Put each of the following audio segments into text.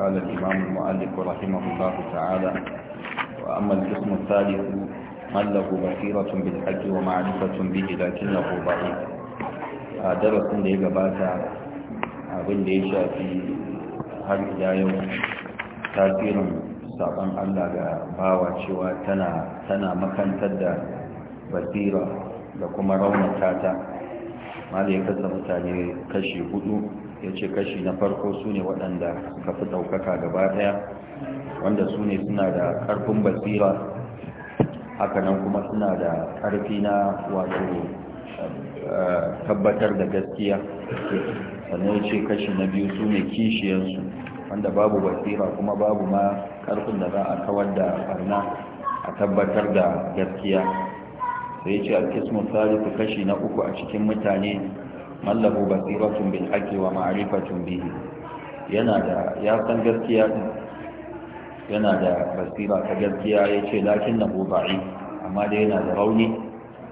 قال الإمام المؤلف رحمه الله تعالى وأما القسم الثالث من له بصيرة بالحج ومعرفة به لكنه ضعيف درس da ya gabata abin da ya shafi har ila yau tasirin sabon Allah ga bawa cewa tana tana makantar da basira da kuma raunata ta mala ya kasa mutane kashi hudu ya ce kashi na farko su ne waɗanda suka fi ɗaukaka gaba ɗaya wanda su ne suna da ƙarfin basira nan kuma suna da ƙarfi na wato eh, tabbatar da gaskiya sannan ya ce kashi na biyu su ne kishiyarsu wanda babu basira kuma babu ma ƙarfin da za a kawar da barna a tabbatar da gaskiya sai ce a alkismu salisu kashi na uku a cikin mutane mallahu basiratun bil haqqi wa ma'rifatun bihi yana da ya san gaskiya yana da basira ta gaskiya yace lakin nahu da'i amma dai yana da rauni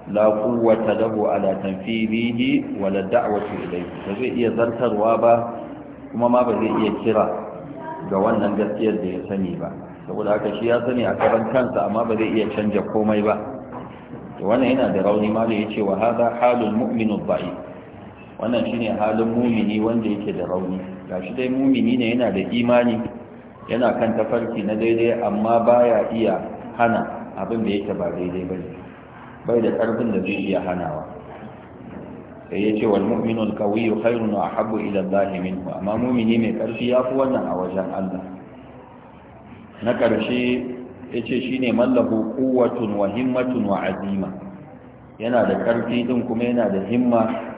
la quwwata lahu ala tanfidihi wa la da'wati ilayhi ba zai iya zartarwa ba kuma ma ba zai iya kira ga wannan gaskiyar da ya sani ba saboda haka shi ya sani a karan kansa amma ba zai iya canja komai ba to wannan yana da rauni ma da yace wa hada halul mu'minu bai. wannan shine halin mumini wanda yake da rauni gashi dai mumini ne yana da imani yana kan tafarki na daidai amma baya iya hana abin da yake ba daidai bane bai da karfin da zai iya hanawa sai ya ce wal mu'minu qawiyyu khairun wa ahabbu ila Allah minhu amma mumini mai karfi yafi wannan a wajen Allah na karshe yace shine mallahu quwwatun wa himmatun wa azima yana da karfi din kuma yana da himma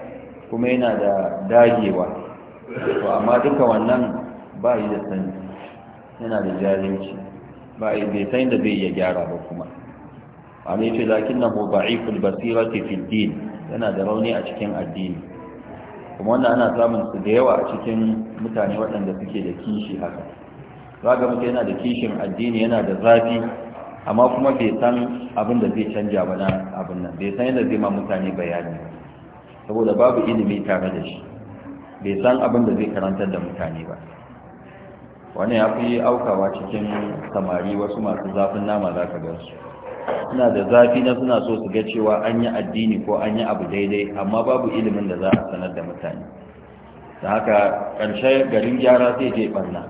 kuma yana da dagewa to amma duka wannan ba yi da sani yana da jahilci ba yi da san da bai iya gyara ba kuma amma yace lakinnahu da'iful basirati fi din yana da rauni a cikin addini kuma wannan ana samun su da yawa a cikin mutane waɗanda suke da kishi haka ga mutum yana da kishin addini yana da zafi amma kuma bai san abin da zai canja ba na abin nan bai san yadda zai ma mutane bayani saboda babu ilimi tare da shi bai san abin da zai karantar da mutane ba wani ya fi aukawa cikin samari wasu masu zafin nama za ka gansu suna da zafi na suna so su ga cewa an yi addini ko an yi abu daidai amma babu ilimin da za a sanar da mutane da haka ƙarshe garin gyara zai je ɓarna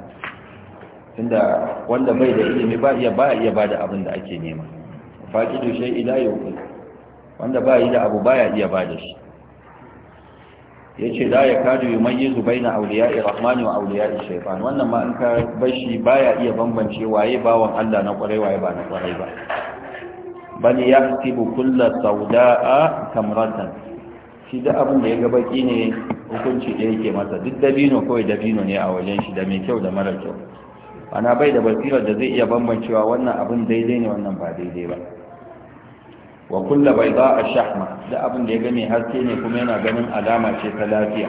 tunda wanda bai da ilimi ba iya ba iya ba da abin da ake nema faƙi dushe ila yau wanda ba yi da abu baya iya ba da shi Ya yace da ya kadu na auliya awliya'i rahmani wa awliya'i shaytan wannan ma in ka bashi ya iya bambance waye bawan Allah na kwarai waye ba na kwarai ba ya bal yahtibu kulla a kamratan shi da abin da ya ga baki ne hukunci da yake masa duk dabino kawai dabino ne a wajen shi da mai kyau da mara kyau ana bai da basirar da zai iya bambancewa wannan abin daidai ne wannan ba daidai ba wa kulla bai za a shahma da abin da ya ga mai haske ne kuma yana ganin alama ce ta lafiya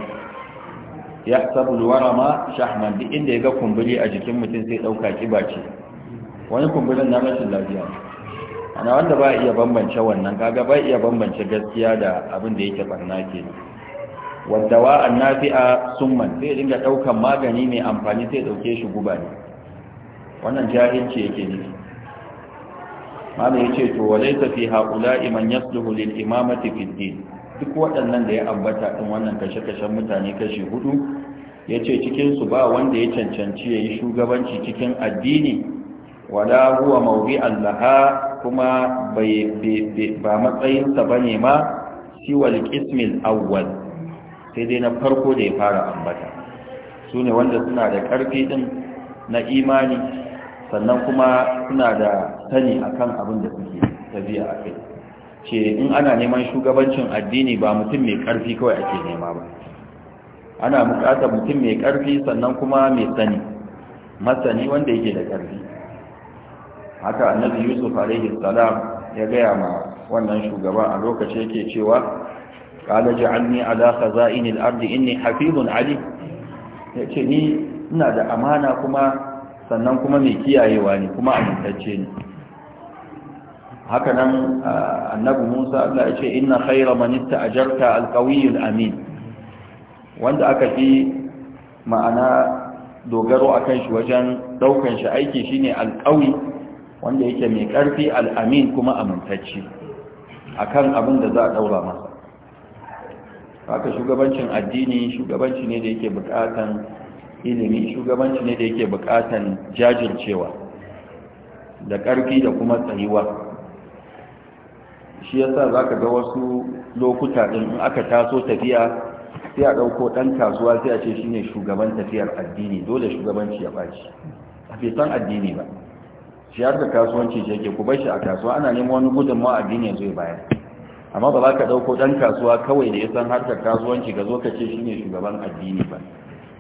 ya sabu ma shahma bi inda ya ga kumburi a jikin mutum sai ɗauka kiba ce wani kumburin na rashin lafiya ana wanda ba iya bambance wannan kaga ba iya bambance gaskiya da abin da yake barna ke wadda wa an nafi'a summan sai dinga ɗaukan magani mai amfani sai ɗauke shi guba ne wannan jahilci yake nufi mana yace to walaysa fi haula'i man yasluhu lil imamati fid duk waɗannan da ya ambata din wannan kashe-kashen mutane kashi hudu yace cikin su ba wanda ya cancanci yayi shugabanci cikin addini wala huwa mawdi'an allaha kuma ba matsayinsa sa bane ma siwal qismil awwal sai dai na farko da ya fara ambata sune wanda suna da karfi din na imani sannan kuma suna da sani akan abin da suke tafiya a kai ce in ana neman shugabancin addini ba mutum mai karfi kawai ake nema ba ana bukatar mutum mai karfi sannan kuma mai sani masani wanda yake da karfi haka annabi yusuf alaihi salam ya gaya ma wannan shugaba a lokaci yake cewa qala ja'alni ala khaza'inil ardi inni hafizun ali yace ni ina da amana kuma sannan kuma mai kiyayewa ne kuma amintacce ne haka nan annabi Musa Allah ya ce inna khayra man ista'jarta al-qawiyyul amin wanda aka fi ma'ana dogaro a kan shi wajen daukan shi aiki shine alƙawi wanda yake mai ƙarfi al'amin kuma a kan abin da za a daura masa haka shugabancin addini shugabanci ne da yake bukatan ilimi shugabanci ne da yake bukatan jajircewa da ƙarfi da kuma tsayuwa shi yasa za ka ga wasu lokuta ɗin in aka taso tafiya sai a ɗauko ɗan kasuwa sai a ce shi ne shugaban tafiyar addini dole shugabanci ya ɓaci a fi san addini ba shi har da kasuwanci shi yake ku bar shi a kasuwa ana neman wani gudunmawa addini ya zo ya bayar amma ba za ka ɗauko ɗan kasuwa kawai da ya san harkar kasuwanci ka zo ka ce shi ne shugaban addini ba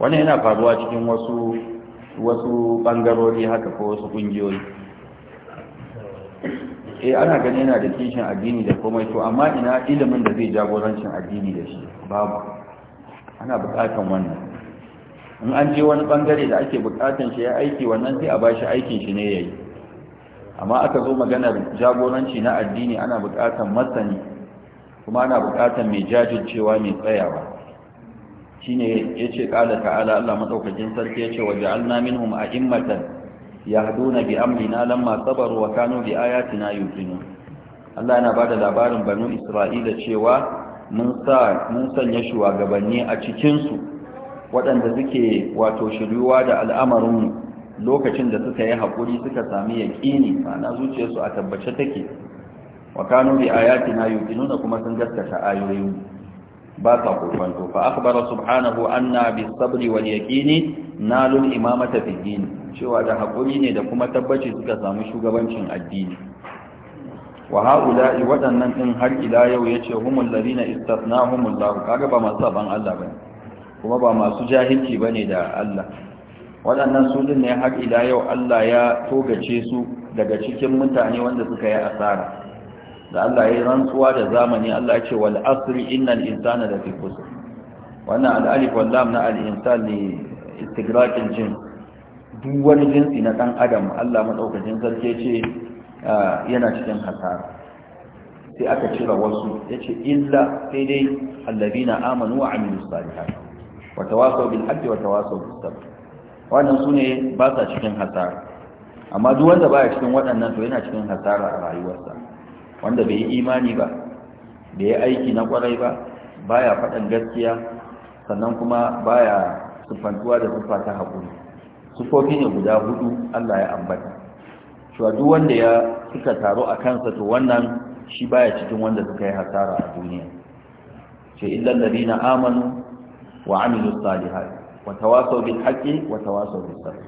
Wani yana faruwa cikin wasu wasu bangarori haka ko wasu kungiyoyi eh ana gani yana da kishin addini da komai to amma ina ilimin da zai jagorancin addini da shi babu ana bukatan wannan in an je wani bangare da ake bukatan shi ya aiki wannan sai a bashi aikin shi ne yayi amma aka zo maganar jagoranci na addini ana bukatan masani kuma ana bukatan mai jajircewa mai tsayawa shine yace qala ta'ala Allah madaukakin sarki yace waja'alna minhum a'immatan yahduna bi amrina lamma sabaru wa kanu bi ayatina yuqinu Allah yana bada labarin banu Isra'ila cewa mun sa mun sanya shugabanni a cikin su waɗanda suke wato shiruwa da al'amarin lokacin da suka yi haƙuri suka sami yaƙini, ma'ana zuciyarsu a tabbace take wa kanu bi ayatina yuqinu kuma sun gaskata ayoyin ba sa kofanto fa akhbara subhanahu anna bisabri sabri wal yaqini nalul imamata fi din cewa da hakuri ne da kuma tabbaci suka samu shugabancin addini wa haula'i wadannan din har ila yau yace humul ladina istathnahumul lahu kaga ba masu saban Allah bane kuma ba masu jahilci bane da Allah waɗannan su ne har ila yau Allah ya togace su daga cikin mutane wanda suka yi asara da Allah ya yi rantsuwa da zamani Allah ya ce wal asri innal insana lafi khusr wannan al-alif wal lam na al-insan ne istigraqin jin duk wani jinsi na dan adam Allah madaukakin sarki ce ah, yana cikin hasara sai aka cira wasu Ya ce illa sai dai alladina amanu wa amilus salihat wa tawasaw bil haqqi wa tawasaw bis sabr wannan sune ba sa cikin hasara amma duk wanda baya cikin waɗannan to yana cikin hasara a rayuwarsa wanda bai yi imani ba bai yi aiki na kwarai ba baya faɗin gaskiya sannan kuma baya sufantuwa da sufa ta haƙuri sufofi ne guda hudu Allah ya ambata cewa duk wanda ya suka taro a kansa to wannan shi baya cikin wanda suka yi hasara a duniya ce illal ladina amanu wa amilu salihati wa tawasaw bil haqqi wa tawasaw bis sabr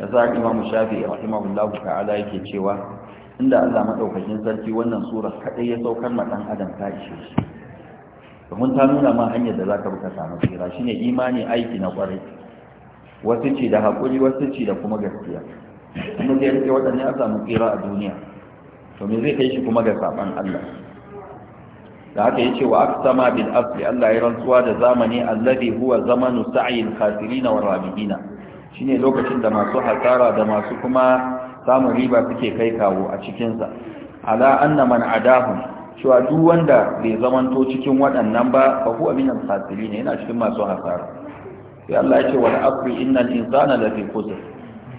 yasa Imamu shafi'i rahimahullahu ta'ala yake cewa inda Allah madaukakin sarki wannan sura kadai ya saukar ma dan adam ta ishe shi domin ta nuna ma hanyar da zaka buka samu tsira shine imani aiki na kwarai wasu ci da hakuri wasu ci da kuma gaskiya kuma zai yake wadannan ya samu tsira a duniya to me zai kai shi kuma ga saban Allah da haka yace wa aqsama bil asli Allah ya rantsuwa da zamani alladhi huwa zamanu sa'yil khasirin war shine lokacin da masu hasara da masu kuma samun riba suke kai kawo a cikinsa ala anna man adahum cewa duk wanda bai zamanto cikin waɗannan ba fa huwa minal khasirin yana cikin masu hasara sai Allah ya ce wal afri innal insana lafi khusr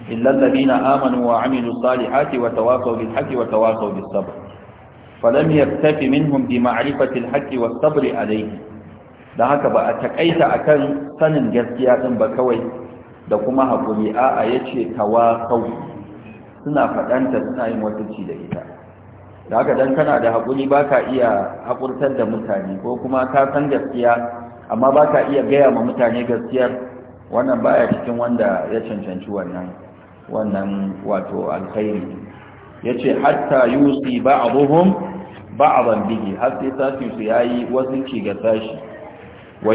illa alladhina amanu wa amilu salihati wa tawasaw bil haqqi wa tawasaw bis sabr falam yaktafi minhum bi ma'rifati al haqqi was sabr alayhi dan haka ba a takaita akan sanin gaskiya din ba kawai da kuma hakuri a'a yace tawasaw suna faɗanta suna yin mutunci da ita da haka dan kana da haƙuri ba iya haƙurtar da mutane ko kuma ka san gaskiya amma ba iya gaya ma mutane gaskiyar wannan baya cikin wanda ya cancanci wannan wannan wato alkhairi ya ce hatta yusi ba'aduhum ba'adan bihi har sai sashi su wasu ci ga sashi wa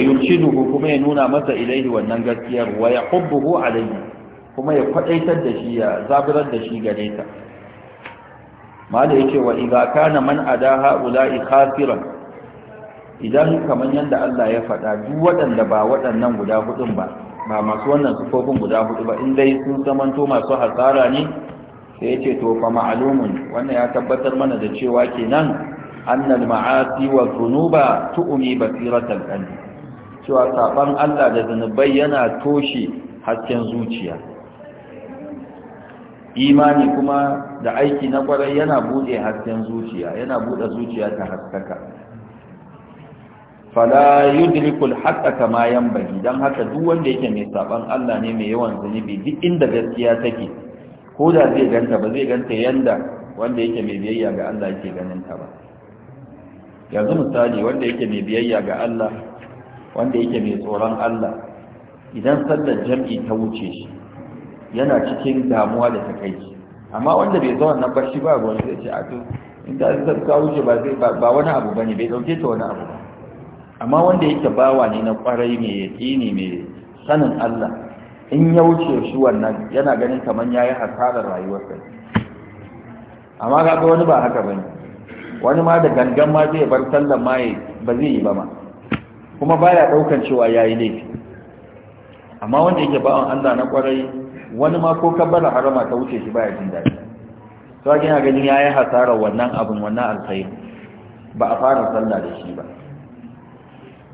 kuma ya nuna masa ilaihi wannan gaskiyar wa yahubbuhu alaihi kuma ya kwadaitar da shi ya zaburar da shi gare ta mala yake wa idza kana man ada haula'i khafiran idan kaman yanda Allah ya faɗa duk waɗanda ba waɗannan guda hudun ba ba masu wannan sufofin guda hudu ba in dai sun zamanto masu hasara ne sai yace to fa ma'lumun wannan ya tabbatar mana da cewa kenan annal ma'asi wa dhunuba tu'mi basiratal qalbi cewa saban Allah da zanubai yana toshe hasken zuciya imani kuma da aiki na kwarai yana bude hasken zuciya yana bude zuciya ta haskaka fala yudriku alhaqqa kama yanbaghi dan haka duk wanda yake mai saban Allah ne mai yawan zunubi duk inda gaskiya take ko da zai ganta ba zai ganta yanda wanda yake mai biyayya ga Allah yake ganin ta ba yanzu misali wanda yake mai biyayya ga Allah wanda yake mai tsoron Allah idan sallar jam'i ta wuce shi yana cikin damuwa da takaici amma wanda bai zo nan ba shi ba ruwan zai ce a to in ta zarka wuce ba zai ba wani abu bane bai dauke ta wani abu amma wanda yake bawa ne na kwarai mai ne mai sanin Allah in ya wuce shi wannan yana ganin ya yayi hasarar rayuwar sa amma kaga wani ba haka bane wani ma da gangan ma zai bar sallan ma ba zai yi ba ma kuma baya daukan cewa yayi laifi amma wanda yake bawan Allah na kwarai wani ma ko kabbara harama ta wuce shi baya jin daɗi to kina ganin yayin hasara wannan abin wannan alkhairi ba a fara sallah da shi ba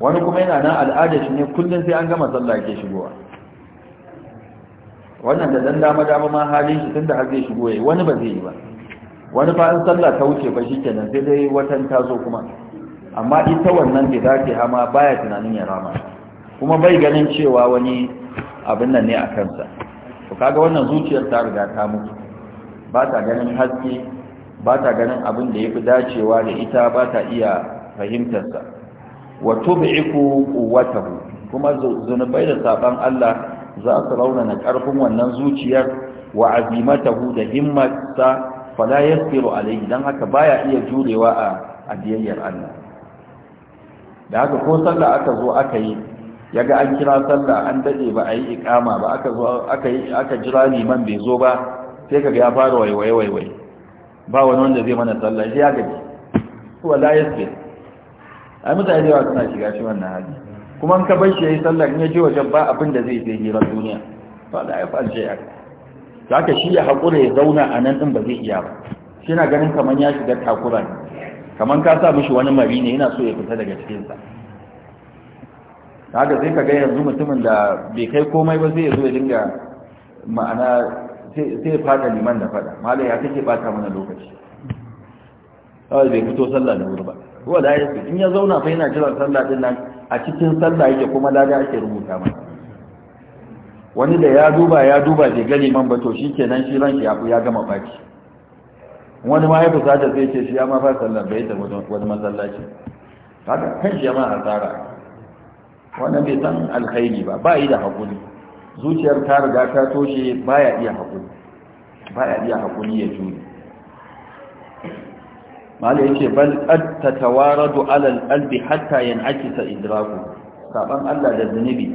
wani kuma yana nan al'ada shi ne kullum sai an gama sallah yake shigowa wannan da dan dama dama ma halin shi tunda har zai shigo yayi wani ba zai yi ba wani fa an sallah ta wuce ba shikenan sai dai watan ta zo kuma amma ita wannan da zaki hama baya tunanin ya rama kuma bai ganin cewa wani abin nan ne a kansa to kaga wannan zuciyar ta riga ta mutu ba ta ganin haske ba ta ganin abin da yafi dacewa da ita ba ta iya fahimtarsa wa tub'iku quwwatahu kuma zunubai da saban Allah za su raunana karfin wannan zuciyar wa azimatahu da himmatsa fala yasiru alayhi dan haka baya iya jurewa a addiyayyar Allah da haka ko sallah aka zo aka yi ya ga an kira sallah an daɗe ba a yi ikama ba aka zo aka jira liman bai zo ba sai kaga ya fara waiwaye waiwaye ba wani wanda zai mana sallah sai ya gaji kuwa la yasbe ai mutane yawa suna shiga shi wannan hali kuma an ka bar shi yayi sallah in ya je wajen ba abin da zai sai hira duniya to la yafal shay'a zaka shi ya haƙura ya zauna a nan din ba zai iya ba shi na ganin kaman ya shiga takura kaman ka sa mishi wani mari ne yana so ya fita daga cikin sa haka sai ka ga yanzu mutumin da bai kai komai ba sai ya zo ya dinga ma'ana sai ya fada liman da fada ma ya kake bata mana lokaci kawai bai fito sallah da wuri ba ruwa da ya in ya zauna fa yana jiran sallah din nan a cikin sallah yake kuma lada ake rubuta masa wani da ya duba ya duba bai ga liman ba to shikenan shi ran shi ya gama baki wani ma ya da zai ce shi ya ma fa sallah bai da wani masallaci haka kan shi ma asara wannan bai san alkhairi ba ba yi da haƙuri zuciyar ta riga ta toshe baya iya haƙuri baya iya haƙuri ya jure ya yake bal ta tatawaradu ala albi, hatta yan'akisa idraku saban Allah da zunubi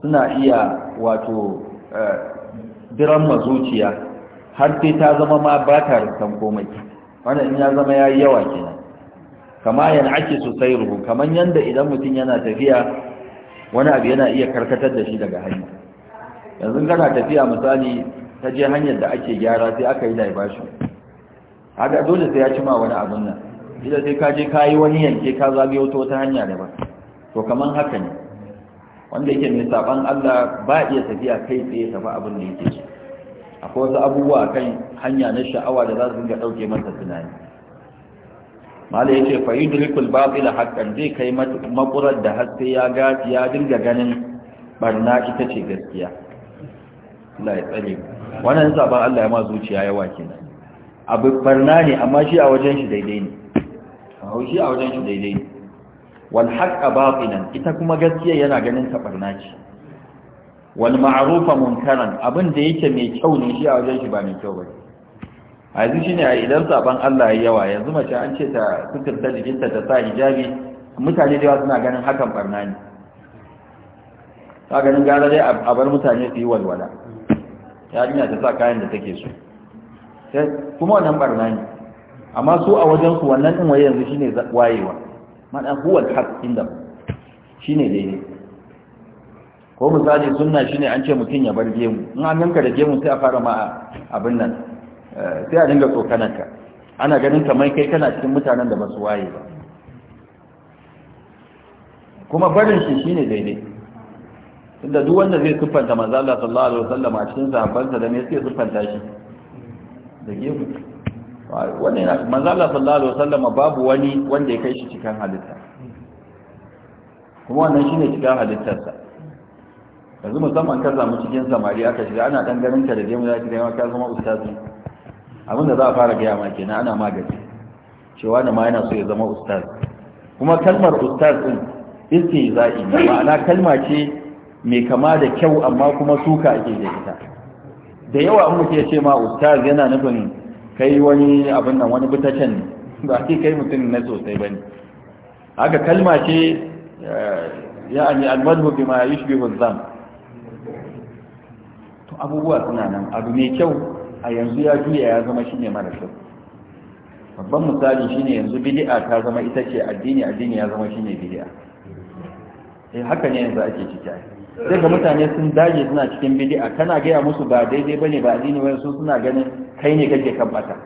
suna iya wato eh, diran zuciya. har sai ta zama ma ba ta rikan komai wannan in ya zama yayi yawa kenan kama yan'akisu sayruhu kaman yanda idan mutun yana tafiya wani abu yana iya karkatar da shi daga hanya yanzu kana tafiya misali ta je hanyar da ake gyara sai aka yi diversion haka dole sai ya ci ma wani abun nan ita sai ka je ka yi wani yanke ka wato ta hanya hanya ba to kaman haka ne wanda yake mai saban Allah ba iya tafiya kai tsaye tafi abin da yake akwai wasu abubuwa kan hanya na sha'awa da za su dinga ɗauke masa tunani malai yake fa yudrikul batila haqqan zai kai makurar da haske ya ga ya dinga ganin barna ita ce gaskiya Allah ya tsare wannan zaban Allah ya ma zuciya yawa na abu barna ne amma shi a wajen shi daidai ne shi a wajen shi daidai ne wal haqqa batilan ita kuma gaskiya yana ganin ta barna ce wal ma'rufa munkaran abin da yake mai kyau ne shi a wajen shi ba mai kyau bane a yanzu a idan saban Allah ya yawa yanzu mace an ce ta suturta jikinta ta sa hijabi mutane da yawa suna ganin hakan barna ne ta ganin gara dai a bar mutane su yi walwala yarinya ta sa kayan da take so kuma wannan barna ne amma su a wajen su wannan din waye yanzu shine wayewa madan huwa al-haq inda shine daidai ko misali sunna shine an ce mutun ya bar gemu in an ganka da gemu sai a fara ma abin nan sai a dinga tsokanarka ana ganin kamar kai kana cikin mutanen da masu waye ba kuma barin shi shine daidai inda duk wanda zai siffanta manzo Allah sallallahu alaihi wasallam a cikin sahabbansa da me sai siffanta shi da gefe wannan manzo Allah sallallahu alaihi wasallam babu wani wanda ya kai shi cikin halitta kuma wannan shine cikin sa yanzu musamman ka samu cikin samari aka shiga ana dan ganin ka da dai mu zaki dai ka zama ustazi abin da za a fara gaya ma kenan ana magani cewa da ma yana so ya zama ustaz kuma kalmar ustaz din istihza'i ne ma'ana kalma ce mai kama da kyau amma kuma suka ake da ita da yawa an muke ce ma ustaz yana nufin kai wani abin nan wani ne ba ce kai mutum na sosai bane haka kalma ce eh, ya'ani almadhu bima yushbihu zam abubuwa suna nan abu mai kyau a yanzu ya juya ya zama shine mara shi babban misali shine yanzu bid'a ta zama ita ce addini addini ya zama shine bid'a eh haka ne yanzu ake ciki sai ga mutane sun dage suna cikin bid'a kana gaya musu ba daidai bane ba addini wai su suna ganin kai ne kake kan bata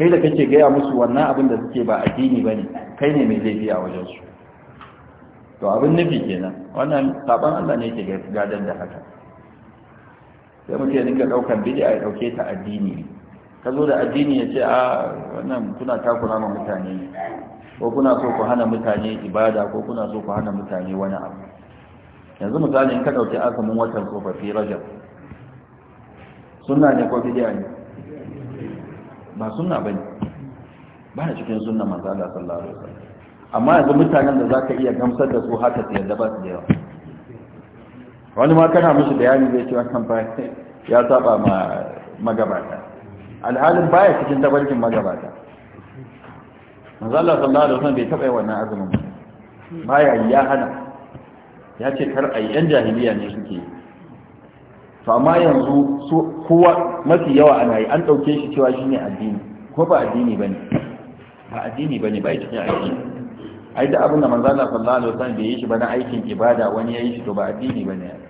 kai da kake gaya musu wannan abin da suke ba addini bane kai ne mai laifi a wajen su to abin nufi kenan wannan saban Allah ne yake gadan da haka sai mutu ya dinga ɗaukar bid'a ya ɗauke ta addini ka zo da addini ya ce a wannan kuna takura ma mutane ko kuna so ku hana mutane ibada ko kuna so ku hana mutane wani abu yanzu misali in ka ɗauki azumin watan tsofaffi rajab sunna ne ko bid'a ne ba sunna bane ba na cikin sunna manzo Allah sallallahu alaihi wasallam amma yanzu mutanen da zaka iya gamsar da su haka su yarda ba su da yawa wani ma kana mashi bayani zai ce wannan ba ya saba ma magabata alhalin baya cikin tabarkin magabata Manzala Allah sallallahu alaihi wasallam bai taba yi wannan azumin baya ya hana ya ce kar ai yan jahiliya ne suke yi to amma yanzu su kowa mafi yawa ana yi an dauke shi cewa shine addini ko ba addini bane ba addini bane ba cikin addini ai da abin da manzo Allah sallallahu alaihi wasallam bai yi shi ba na aikin ibada wani ya yi shi to ba addini bane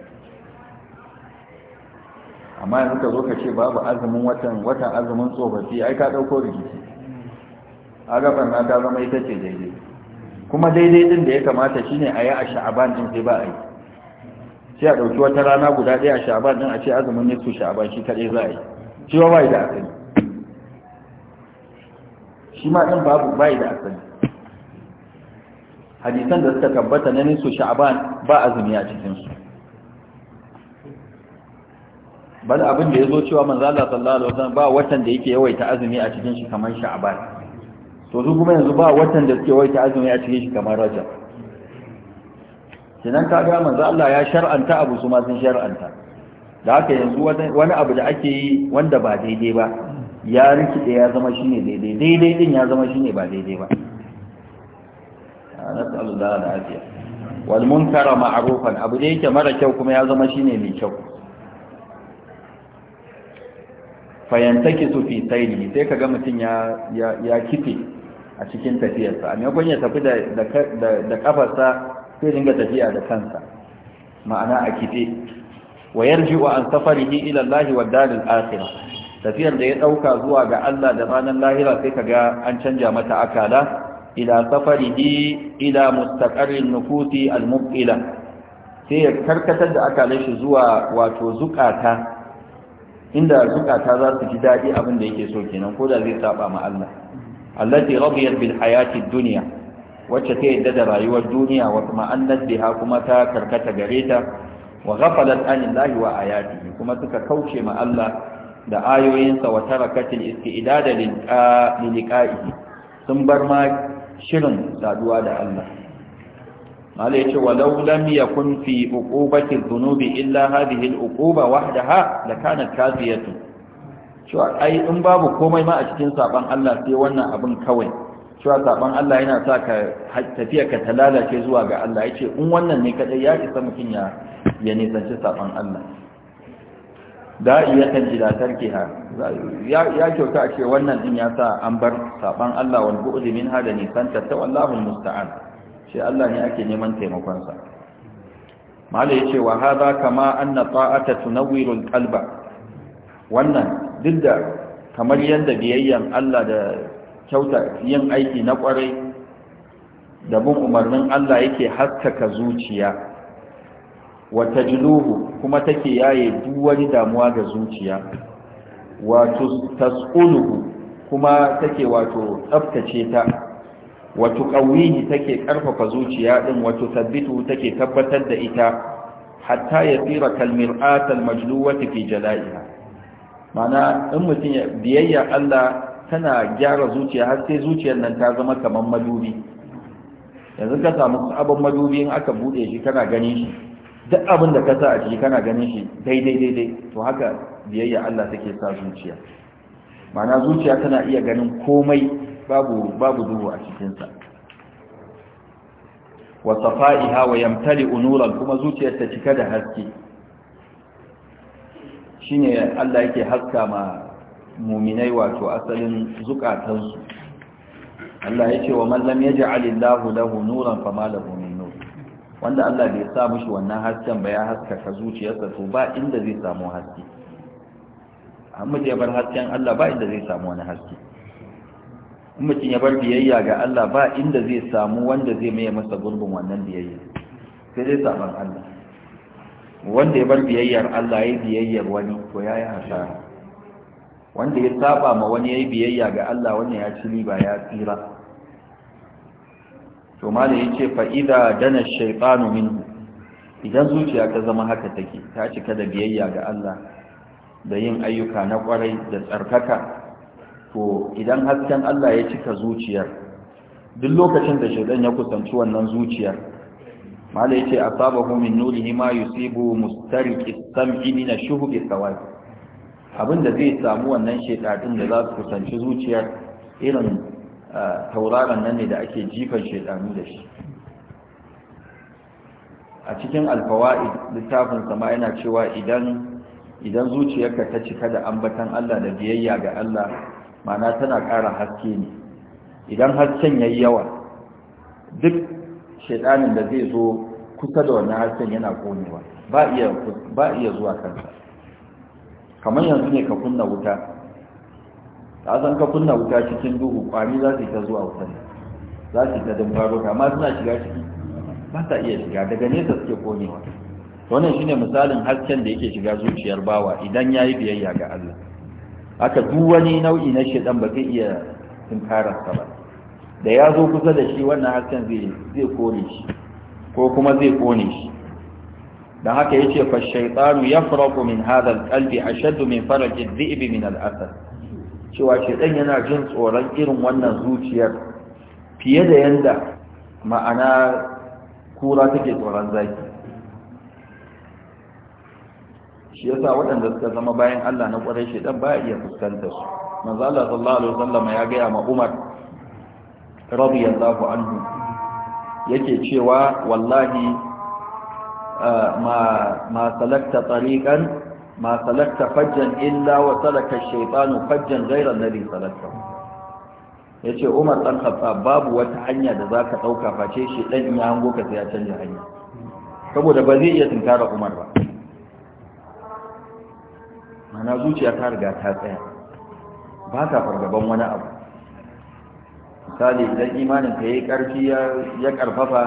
amma yanzu ka zo ka ce babu azumin watan watan azumin tsofaffi ai ka ɗauko rikici a gaban na ta zama ita ce daidai kuma daidai din da ya kamata shine a yi a sha'aban din sai ba a yi sai a ɗauki wata rana guda ɗaya a sha'aban din a ce azumin ne su sha'aban shi kaɗai za a yi shi ba bai da asali shi ma ɗin babu bai da asali hadisan da suka tabbata na nisu sha'aban ba azumi a cikinsu bal abin da ya zo cewa manzo Allah sallallahu alaihi wasallam ba watan da yake yawaita azumi a cikin shi kamar sha'ban to su kuma yanzu ba watan da yake yawaita azumi a cikin shi kamar rajab sinan ga manzo Allah ya shar'anta abu su ma sun shar'anta da haka yanzu wani abu da ake yi wanda ba daidai ba ya rikide ya zama shine daidai daidai din ya zama shine ba daidai ba nasallallahu alaihi wa sallam wal munkara ma'rufan abu da yake mara kyau kuma ya zama shine mai kyau fayantaki su fi saili sai kaga mutum ya kife a cikin tafiyarsa a maimakon ya tafi da kafarsa sai dinga tafiya da kansa ma'ana a kife wa yarji'u an ni ila Allah wa dalil tafiyar da ya dauka zuwa ga Allah da ranar lahira sai kaga an canja mata akala ila ni ila mustaqarrin nufusi al-mubila sai karkatar da akalai shi zuwa wato zukata inda zukata za su ji daɗi abin da yake so kenan ko da zai saba ma Allah allati radiyat bil hayati dunya wacce ta yadda da rayuwar duniya wa kuma annat biha kuma ta karkata gare ta wa ghafalat an Allah wa ayatihi kuma suka kauce ma Allah da ayoyinsa wa tarakatil istidada lil ah, liqa'ihi sun bar ma shirin saduwa da Allah قال يتي ولو لم يكن في عقوبة الذنوب إلا هذه العقوبة وحدها لكانت كافية شو أي إن باب كومي ما أشكين سابان الله في ونا أبن كوي شو سابان الله هنا ساك تفيا كتلالة كزوا قال الله يتي إن ونا نكتا يا إسمكين يا يعني سنشي سابان الله da'iyatan ila tarkiha ya ya kyauta a ce wannan din ya sa an bar saban Allah wal bu'd min hada nisan ta wallahu musta'an shi Allah ne ake neman taimakonsa mala ya ce wa haza kama anna ta'ata tunawwirul ƙalba? wannan duk da kamar yadda biyayyan Allah da kyauta yin aiki na kwarai da bin umarnin Allah yake haskaka zuciya wa tajluhu kuma take yaye duk damuwa ga zuciya wa tasqulu kuma take wato tsaftace ta wato ƙauyihi take karfafa zuciya ɗin wato tabbitu take tabbatar da ita hatta ya tsira kalmir atal majluwati fi jala'iha mana in mutum biyayya Allah tana gyara zuciya har sai zuciyar nan ta zama kamar madubi yanzu ka samu abin madubi in aka buɗe shi kana ganin shi duk abin da ka sa a ciki kana ganin shi daidai daidai to haka biyayya Allah take sa zuciya mana zuciya tana iya ganin komai babu duhu a cikinsa. sa wa safa'iha wa kuma zuciyar ta cika da haske ne Allah yake haska ma muminai wato asalin zukatansu Allah ya ce wa man lam yaj'alillahu lahu nuran fama da muminu. wanda Allah bai sa mishi wannan hasken ba ya haskaka zuciyarsa to ba inda zai samu haske amma ya bar hasken Allah ba inda zai samu wani haske mutum ya bar biyayya ga Allah ba inda zai samu wanda zai maye masa gurbin wannan biyayya sai dai saban Allah wanda ya bar biyayyar Allah ya biyayyar wani to ya yi hasara wanda ya saba ma wani ya yi biyayya ga Allah wanda ya ci riba ya tsira to mala ya ce fa'ida dana shaifanu min idan zuciya ta zama haka take ta cika da biyayya ga Allah da yin ayyuka na kwarai da tsarkaka to idan hasken Allah ya cika zuciyar duk lokacin da shaidan ya kusanci wannan zuciyar mala yace asabahu min nurihi ma yusibu mustariqis sam'i min ash-shuhubi sawab abinda zai samu wannan shedadin da za su kusanci zuciyar irin tauraron nan ne da ake jifan shedanu da shi a cikin alfawaid littafin sama yana cewa idan idan zuciyarka ta cika da ambatan Allah da biyayya ga Allah mana tana ƙara haske ne idan hasken ya yi yawa duk shaidanin da zai zo kusa da wannan hasken yana konewa ba iya zuwa kansa kamar yanzu ne ka kunna wuta ta san ka kunna wuta cikin duhu kwami za su ta zuwa wuta ne za su ta dumbaro amma suna shiga ciki ba ta iya shiga daga nesa suke konewa wannan shine misalin hasken da yake shiga zuciyar bawa idan ya yi biyayya ga Allah haka duk wani nau'i na shedan ba zai iya tunkararsa ba da ya zo kusa da shi wannan hasken zai kone shi ko kuma zai kone shi don haka ya ce fashaitanu ya faraku min hadar kalbi a shaddu min farajin zibi min al'asar cewa shaitan yana jin tsoron irin wannan zuciyar fiye da yanda ma'ana kura take tsoron zaki shi yasa waɗanda suka zama bayan Allah na ƙwarai shedan ba iya fuskantar su manzo Allah sallallahu alaihi wasallam ya ga ma Umar radiyallahu anhu yake cewa wallahi uh, ma ma salakta tariqan ma salakta fajjan illa wa salaka ash-shaytanu fajjan ghayra alladhi salakta yace Umar dan Khattab babu wata hanya da zaka dauka face shi dan ya hango ka sai ya canja hanya saboda ba zai iya tunkara Umar ba mana zuciya ta riga ta tsaya ba ta fargaban wani abu misali idan imanin ka yayi karfi ya karfafa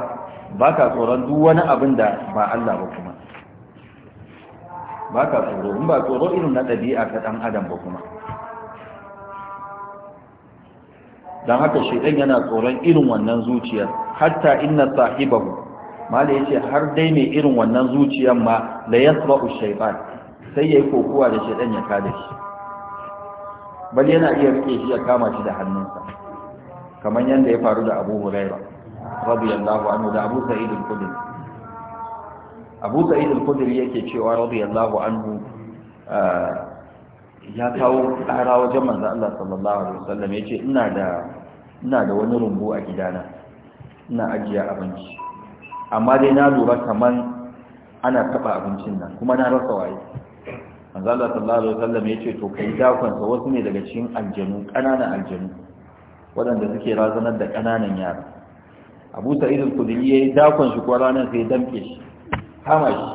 ba ka tsoron duk wani abin da ba Allah ba kuma ba ka tsoro in ba tsoro irin na ɗabi'a ta ɗan adam ba kuma don haka shaidan yana tsoron irin wannan zuciyar hatta inna sahibahu mala yace har dai mai irin wannan zuciyar ma la yasra'u shaytan sai ya yi kokowa da shaidan ya kada shi bal yana iya rike shi ya kama shi da hannunsa kamar yadda ya faru da abu huraira radiyallahu anhu da abu sa'id al-khudri abu sa'id al-khudri yake cewa radiyallahu anhu ah, ya kawo ƙara wajen manzo Allah sallallahu alaihi wasallam yace ina da ina da wani rumbu a gidana ina ajiya abinci amma dai na lura kaman ana taba abincin nan kuma na rasa waye manzo Allah sallallahu alaihi wasallam yace to kai dakonsa wasu ne daga cikin aljanu kananan aljanu waɗanda suke razanar da kananan yara Abu Sa'id al-Khudri yayi dakon shi ko ranar sai damke shi kama shi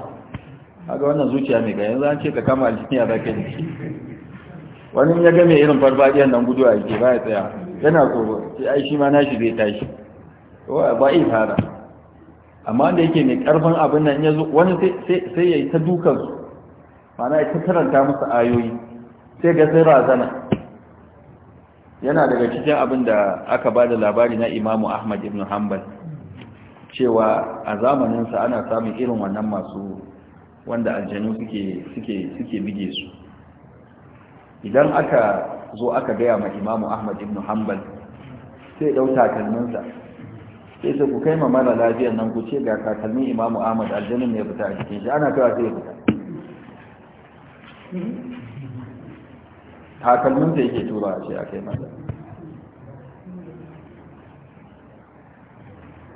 kaga wannan zuciya mai ga yanzu an ce ka kama aljini a zaka ne wani ya ga mai irin farfadiyan nan gudu a yake ba ya tsaya yana tsoro sai ai shi ma nashi zai tashi ba ba'i fara amma da yake mai karfin abin nan ya zo wani sai sai yayi ta dukansu mana ya tattaranta musu ayoyi sai ga sai razana yana daga cikin abin da aka ba da labari na imamu ahmad ibn hanbal cewa a zamaninsa ana samun irin wannan masu wanda aljanu suke bige su idan aka zo aka gaya ma imamu ahmad ibn hanbal sai ɗau takalminsa sai sai ku kai ma mara lafiyar nan ku ce ga takalmin imamu ahmad aljanun ya fita a cikin shi ana kawai sai ya fita takalmin da yake tura ce a kai mata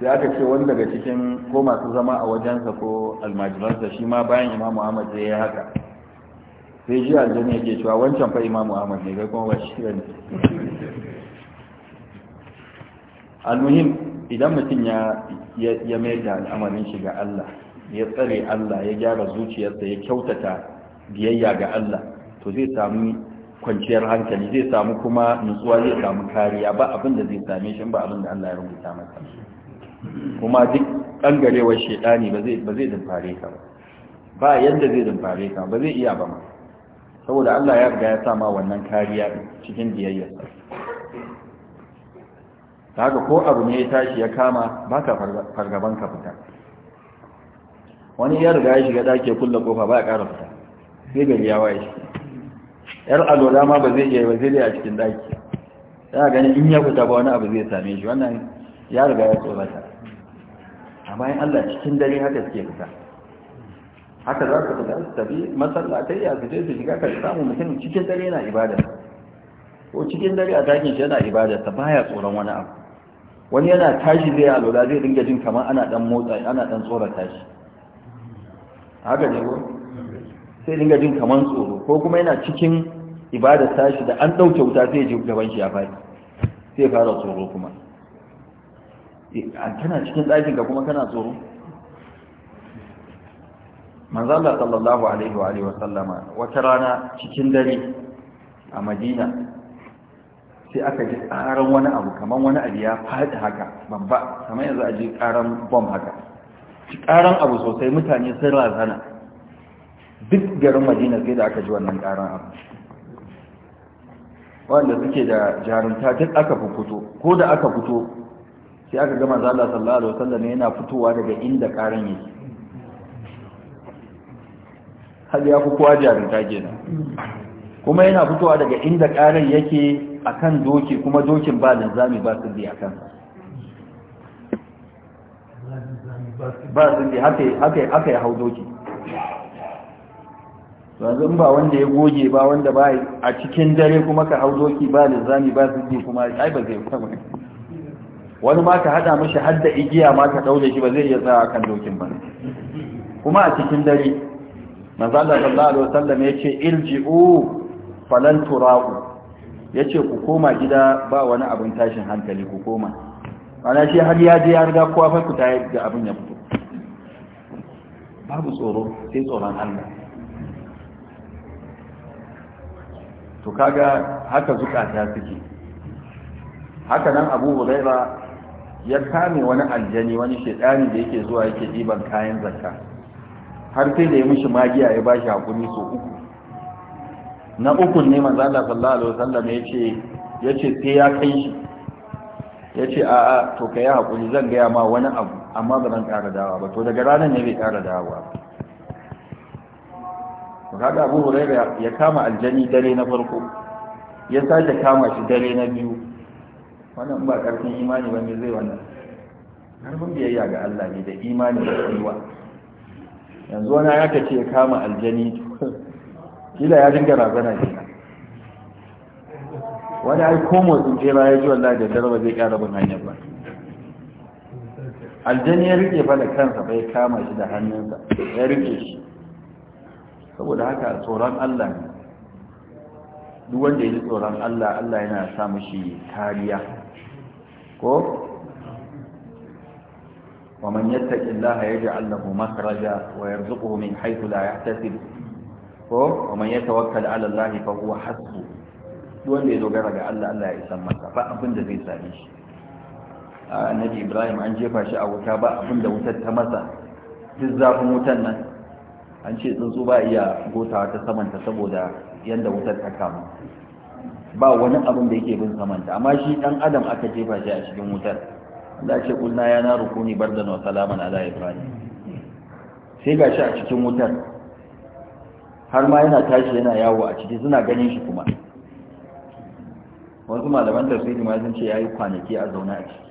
sai aka ce wani daga cikin ko masu zama a wajensa ko almajiransa shi ma bayan Imam Muhammad sai yi haka sai ji aljani yake cewa wancan fa Imam Muhammad ne ga kuma wasu shi ne almuhim idan mutum ya ya mai da al'amarin shi ga Allah ya tsare Allah ya gyara zuciyarsa ya kyautata biyayya ga Allah to zai samu kwanciyar hankali zai samu kuma nutsuwa zai samu kariya ba abin da zai same shi ba abin da Allah ya rubuta masa kuma duk ɗangarewar shedani ba zai dinfare ka ba ba yadda zai dinfare ka ba zai iya ba ma saboda Allah ya riga ya sa ma wannan kariya cikin biyayyarsa ta haka ko abu ne ya tashi ya kama baka fargaban ka fita wani ya riga ya shiga ɗaki ya kulle kofa ba ya ƙara fita sai gari ya waye yar alola ma ba zai iya ba zai a cikin daki ya gani in ya fita ba wani abu zai same shi wannan ya riga ya tsorata a bayan Allah cikin dare haka suke fita haka za ku fita su tafi masallatai ya fita su shiga ka samu mutum cikin dare yana ibada ko cikin dare a dakin shi yana ibada ta baya tsoron wani abu wani yana tashi zai alola zai dinga jin kamar ana dan motsa ana dan tsorata shi haka ne ko sai dinga jin kaman tsoro ko kuma yana cikin ibada tashi da an ɗauke wuta sai ji gaban shi ya fadi sai fara tsoro kuma eh, kana cikin ɗakin ka kuma kana tsoro manzo Allah sallallahu alaihi wa alihi wa sallama wata rana cikin dare a Madina sai aka ji karan wani abu kaman wani abu ya faɗi haka babba kamar yanzu a ji karan bomb haka karan abu sosai mutane sun razana duk garin madina sai da aka ji wannan karan abu wanda suke da jarumta duk aka fito ko da aka fito sai aka gama zala sallallahu alaihi wasallam yana fitowa daga inda karan yake Hali ya fi kowa ke kenan kuma yana fitowa daga inda karan yake akan doki kuma dokin ba zami ba su bi akan ba su bi haka ya hau doki yanzu ba wanda ya goge ba wanda ba a cikin dare kuma ka hau doki ba da zami ba su zubi kuma ai ba zai fita ne wani ma ka hada mashi hadda igiya ma ka daure shi ba zai iya tsaya kan dokin ba kuma a cikin dare manzo Allah sallallahu alaihi wasallam ce irji'u falan ya ce ku koma gida ba wani abin tashin hankali ku koma ana shi har ya je ya riga kowa fa ku ta ga abin ya fito babu tsoro sai tsoron Allah to kaga haka zukata suke haka nan abu huraira ya kame wani aljani wani shedani da yake zuwa yake diban kayan zakka har sai da ya mishi magiya ya bashi hakuri so uku na uku ne manzo Allah sallallahu alaihi wasallam yace yace sai ya kai shi yace a a to kai hakuri zan ga ma wani abu amma ba zan ƙara dawa ba to daga ranar ne bai ƙara dawa ba kaga abu huraira ya kama aljani dare na farko ya sake kama shi dare na biyu wannan ba karfin imani ba ne, zai wannan karfin biyayya ga Allah ne da imani da tsayuwa yanzu wani aka ce ya kama aljani kila ya dinga razana ke wani ai ko je ba ya ji wallahi da darba zai kara bin hanyar ba aljani ya rike fa da kansa bai kama shi da hannunsa ya rike shi saboda haka tsoron Allah ne duk wanda ya ji tsoron Allah Allah yana sa shi kariya ko ومن يتق الله يجعل له مخرجا ويرزقه ya حيث لا يحتسب ومن يتوكل على الله فهو حسبه دون da ya dogara ga Allah Allah ya isan masa ba abin da zai sami shi annabi Ibrahim an jefa shi a wuta ba abin da wutar ta masa duk zafin wutan nan an ce tsuntsu ba iya gotawa ta samanta saboda yadda wutar ta kama ba wani abin da yake bin samanta amma shi dan adam aka jefa shi a cikin wutar Allah ce kulna ya na rukuni bardan wa salaman ala ibrahim sai ga shi a cikin wutar har ma yana tashi yana yawo a ciki suna ganin shi kuma wasu malaman tafsiri ma sun ce yayi kwanaki a zauna a ciki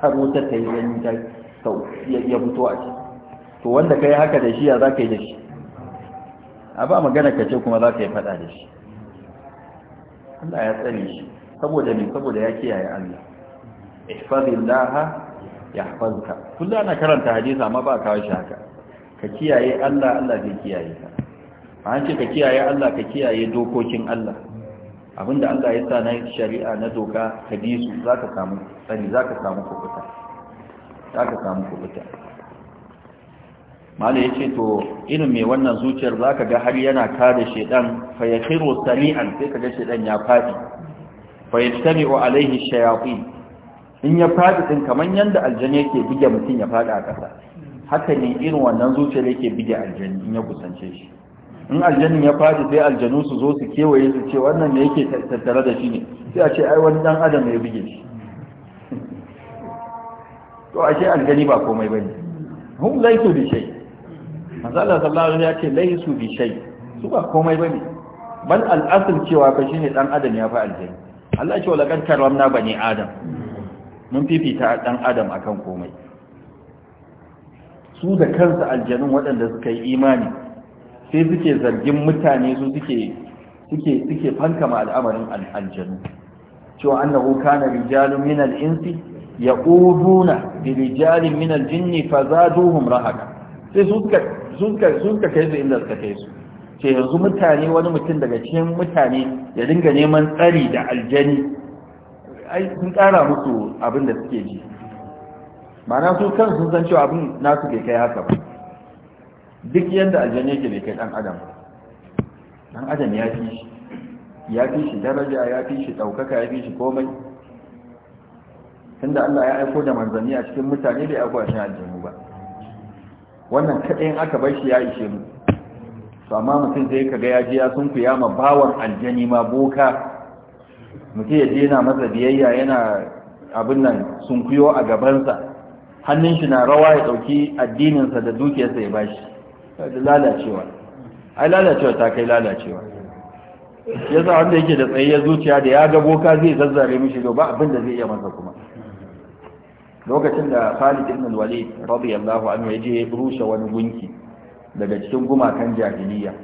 har wutar ta yi ganin ta ya fito a ciki to wanda kai haka da shi ya za ka yi da shi a ba magana ka ce kuma za ka yi faɗa da shi Allah ya tsare shi saboda ne saboda ya kiyaye Allah ihfazillaha yahfazuka kullu ana karanta hadisi amma ba kawo shi haka ka kiyaye Allah Allah zai kiyaye ka an ce ka kiyaye Allah ka kiyaye dokokin Allah abinda Allah ya sa na shari'a na doka ka bi su zaka samu tsari zaka samu kubuta zaka samu kubuta mala ya ce to irin mai wannan zuciyar za ka ga har yana kare shaidan fayakiro sami'an sai ka ga shaidan ya faɗi fayastami'u alaihi shayatin in ya faɗi din kamar yadda aljani yake bige mutum ya fadi a ƙasa haka ne irin wannan zuciyar yake bige aljani in ya kusance shi in aljanin ya faɗi sai aljanu su zo su kewaye su ce wannan me yake tattare da shi ne sai a ce ai wani dan adam ya bige shi to ashe aljani ba komai ba bane hum laisu bi shay manzo Allah sallallahu ya ce laisu bi shay su ba komai ne. Ban al'asul cewa fa shine ɗan adam ya fi aljanna Allah ce wala kan karamna adam mun fifita ɗan adam kan komai su da kansu aljanun waɗanda suka yi imani sai suke zargin mutane su suke fankama al'amarin aljanu cewa annahu kana rijalun min al-insi yaquduna bi rijalin min al-jinni fazaduhum rahaka. sai sun ka kai su inda suka kai su ce yanzu mutane wani mutum daga cikin mutane ya dinga neman tsari da aljani ai sun kara musu abin da suke ji mana su kan sun san cewa abin nasu bai kai haka ba duk yadda aljani yake bai kai dan adam dan adam ya fi shi ya fi shi daraja ya fi shi ɗaukaka ya fi shi komai tunda Allah ya aiko da manzanni a cikin mutane bai aiko a cikin aljanu ba wannan kaɗayin aka bar shi ya ishe mu to amma mutum sai kaga ya je ya sun kuya ma bawan aljani ma boka mutum ya je masa biyayya yana abin nan sun kuyo a gabansa hannun shi na rawa ya ɗauki addininsa da dukiyarsa ya bashi da lalacewa ai lalacewa ta kai lalacewa yasa wanda yake da tsayayyar zuciya da ya ga boka zai zazzare mishi to ba abin da zai iya masa kuma lokacin da Khalid ibn al-Walid radiyallahu anhu ya je rushe wani gunki daga cikin gumakan jahiliya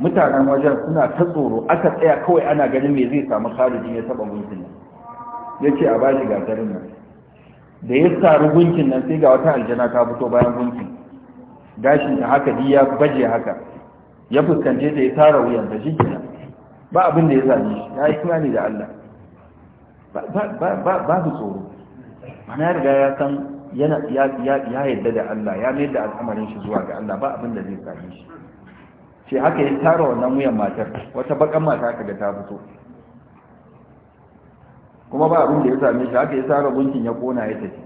mutanen wajen suna ta tsoro aka tsaya kawai ana ganin me zai samu Khalid ya saba gunkin nan yace a bashi gagarin nan da ya saru gunkin nan sai ga wata aljana ta fito bayan gunkin gashin ta haka ya baje haka ya fuskance ta ya tara wuyan ta shi ba abin da ya sani shi ya yi imani da Allah ba su tsoro mana ya riga ya san yana ya yadda da Allah ya mai da al'amarin shi zuwa ga Allah ba abin da zai same shi shi haka ya tara wannan wuyan matar wata bakan mata haka ga ta fito kuma ba abin da ya same shi haka ya tara gunkin ya kona ya tafi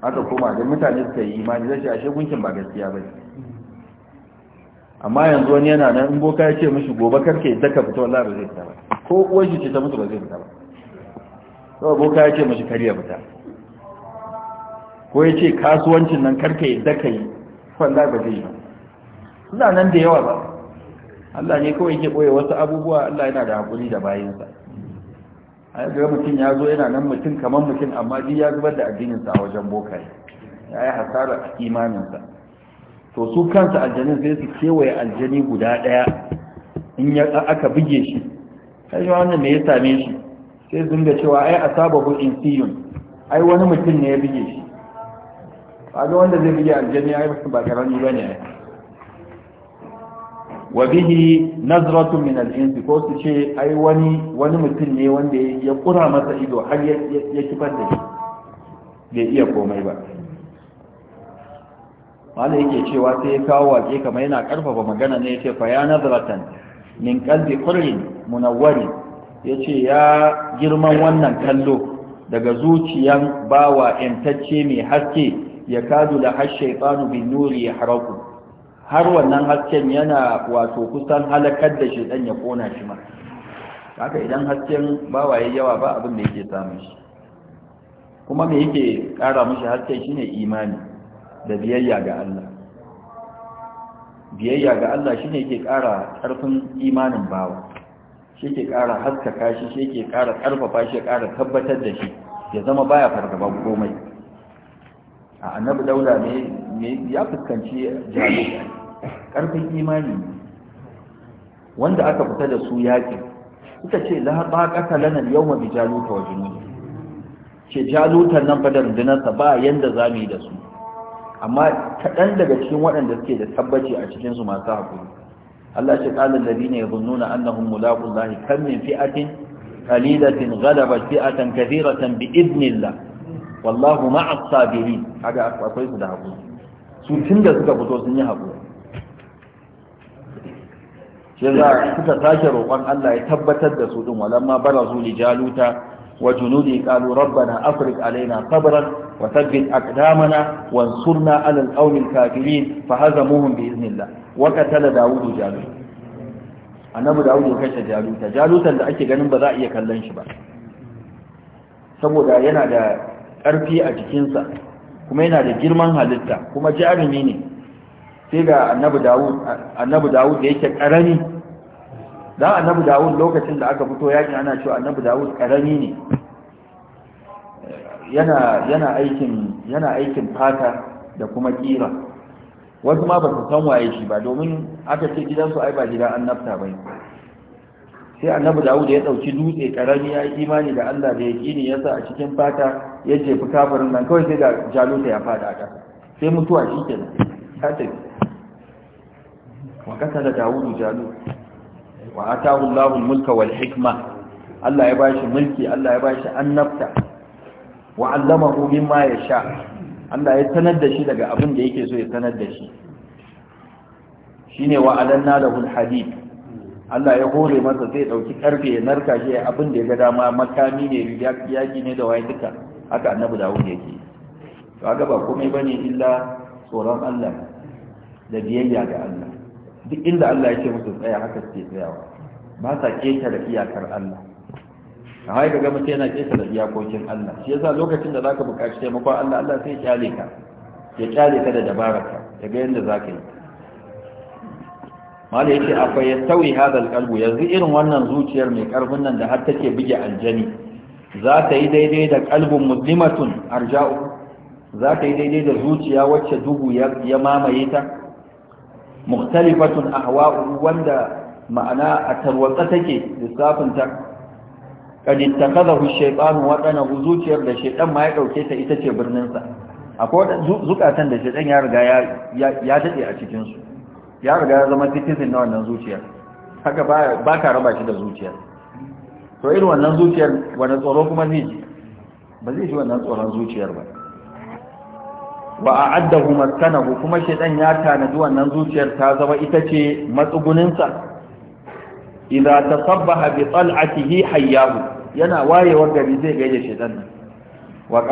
haka kuma da mutane suka yi imani zai ashe gunkin ba gaskiya ba amma yanzu wani yana nan in boka ya ce mishi gobe karka ya ka fito wallahi ba zai fita ba ko uwar shi ce ta mutu ba zai fita ba saboda boka ya ce mishi kariya fita ko ya ce kasuwancin nan karka yadda ka yi kwallar ba zai yi suna nan da yawa ba Allah ne kawai ke ɓoye wasu abubuwa Allah yana da haƙuri da bayansa a yadda mutum ya zo yana nan mutum kamar mutum amma ji ya zubar da addininsa a wajen bokaye ya yi hasarar imaninsa to su kansa aljanin zai su kewaye aljani guda ɗaya in ya aka buge shi kai wannan me ya same shi sai zunga cewa ai a asabahu siyun. ai wani mutum ne ya buge shi kaga wanda zai buge aljanni ai ba karami bane wa bihi nazratu min al-insi ko su ce ai wani wani mutum ne wanda ya kura masa ido har ya kifar da shi bai iya komai ba wanda yake cewa sai ya kawo wake kamar yana karfafa magana ne yace fa ya nazratan min qalbi qurrin munawwari yace ya girman wannan kallo daga zuciyan bawa intacce mai haske ya kadu da hashaitanu bin nuri ya haraku har wannan hasken yana wato kusan halakar da shaitan ya kona shi ma haka idan hasken ba waye yawa ba abin da yake samun shi kuma me yake kara mishi hasken shine imani da biyayya ga Allah biyayya ga Allah shine yake kara karfin imanin bawa shi yake kara haskaka shi shi yake kara karfafa shi ya kara tabbatar da shi ya zama baya fargaba komai a annabi dauda ne ya fuskanci jami'a ƙarfin imani wanda aka fita da su yaƙi suka ce la ƙasa lanar yau ma bi jaluta wa junubi ce jalutan nan fadar dinarsa ba yanda za mu yi da su amma kaɗan daga cikin waɗanda suke da tabbaci a cikinsu masu haƙuri Allah ce ƙalin da ne ya zunnuna annahun mulaƙun lahi kan min fi'atin ƙalilatin galabar fi'atan kafiratan bi idnillah wallahu ma'as sabirin kaga akwai su da hakuri su tunda suka fito sun yi haku sai za suka tashi roƙon Allah ya tabbatar da su din walamma barazu li jaluta wa junudi qalu rabbana afriq alaina sabran wa thabbit aqdamana wansurna 'ala al-qawmi al-kafirin fahazamuhum bi idhnillah wa qatala dawudu jalut annabi dawud ya kashe jaluta jalutan da ake ganin ba za a iya kallon shi ba saboda yana da ƙarfi a jikinsa kuma yana da girman halitta kuma jarumi ne sai ga annabu dawud da yake ƙarami a annabu dawud lokacin da aka fito yakin ana cewa annabu dawud ƙarami ne yana aikin fata da kuma ƙira wasu ma ba su san waye shi ba domin aka ce gidansu ai ba gidan annabta bai sai annabu dawud ya ɗauki dutse ƙarami ya yi imani da allah da ya ƙini yasa a cikin fata ya jefi kafirin nan kawai sai da jaluta ya fada a sai mutuwa shi ke nan ta tafi wa kasa da dawudu jalu wa atahu lahun mulka wal hikma Allah ya bashi mulki Allah ya bashi annabta wa ma ya sha. Allah ya sanar da shi daga abin da yake so ya sanar da shi Shi ne wa alanna da hadid Allah ya hore masa zai dauki karfe ya narka shi abin da ya ga dama makami ne yaki ne da waye duka haka annabi dawud yake to aga ba komai bane illa tsoron Allah da biyayya ga Allah duk inda Allah yake musu tsaya haka suke tsayawa ba sa keta da iyakar Allah a haika ga mutum yana keta da iyakokin Allah shi yasa lokacin da zaka buƙaci taimakon Allah Allah sai ya kyale ka ya kyale ka da dabararka ya ga yadda zaka yi malai yace akwai ya sauyi hadal qalbu yanzu irin wannan zuciyar mai karfin nan da har take bige aljani za ta yi daidai da kalbin muslimatun arja'u za ta yi daidai da zuciya wacce duhu ya mamaye ta a ahwa'u wanda ma'ana a tarwatsa take lissafin ta kad ittakhadahu shaytanu wa hu! zuciyar da shaytan ma ya dauke ta ita ce birnin sa akwai zukatan da shaytan ya riga ya ya a cikin su ya riga ya zama titin na wannan zuciyar haka ba ka raba shi da zuciyar to irin wannan zuciyar wani tsoro kuma zai ji ba zai ji wannan tsoron zuciyar ba ba a addahu maskanahu kuma shedan ya tanadi wannan zuciyar ta zama ita ce matsuguninsa idza tasabbaha bi tal'atihi hayyahu yana wayewar gari zai gaje shedan nan wa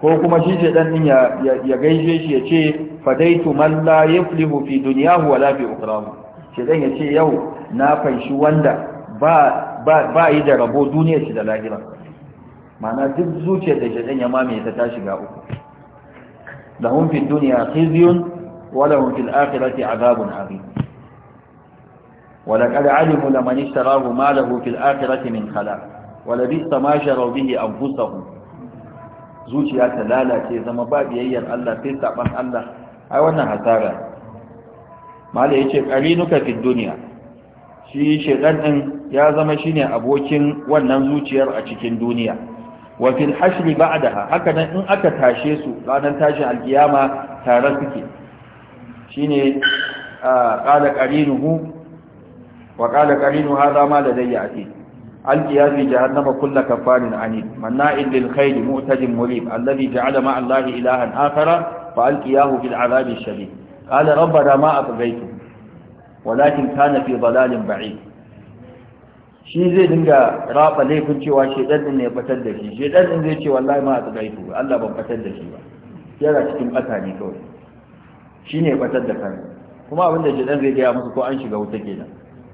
ko kuma shi shedan din ya gaishe shi ya ce fadaitu man la yuflihu fi dunyahu wala fi ukhrahu shedan ya ce yau na fanshi wanda ba yi da rabo duniyar shi da lahira mana duk zuciyar da shi shaɗan ya mamaye ta tashi ga uku da hunfin duniya khiziyun wala hunfin akirati azabun azim ولقد علموا لمن اشتراه ما له في الآخرة من خلاق ولبئس ما شروا به أنفسهم zuciya ta lalace zama ba biyayyar Allah sai saban Allah ai wannan hasara mala yace qarinuka fi duniya. shi shedan din ya zama shine abokin wannan zuciyar a cikin duniya wa fil hashri ba'daha haka nan in aka tashe su ranar tashin alkiyama tare suke shine qala qarinuhu wa qala qarinu hadha ma ladayya ati alqiyasi jahannama kullu kafarin anid Manna'il lil khair mu'tadin mulib alladhi ja'ala ma'a allahi ilahan akhara fa alqiyahu fil 'adabi shadid qala rabbana ma atghaytu ولكن كان في ضلال بعيد shi zai dinga rafa laifin cewa shedan din ne ya fatar da shi shedan din zai ce wallahi ma a tsagaitu Allah ban fatar da shi ba yana cikin bata ne kawai ne ya fatar da kan kuma abin da shedan zai gaya musu ko an shiga wuta kenan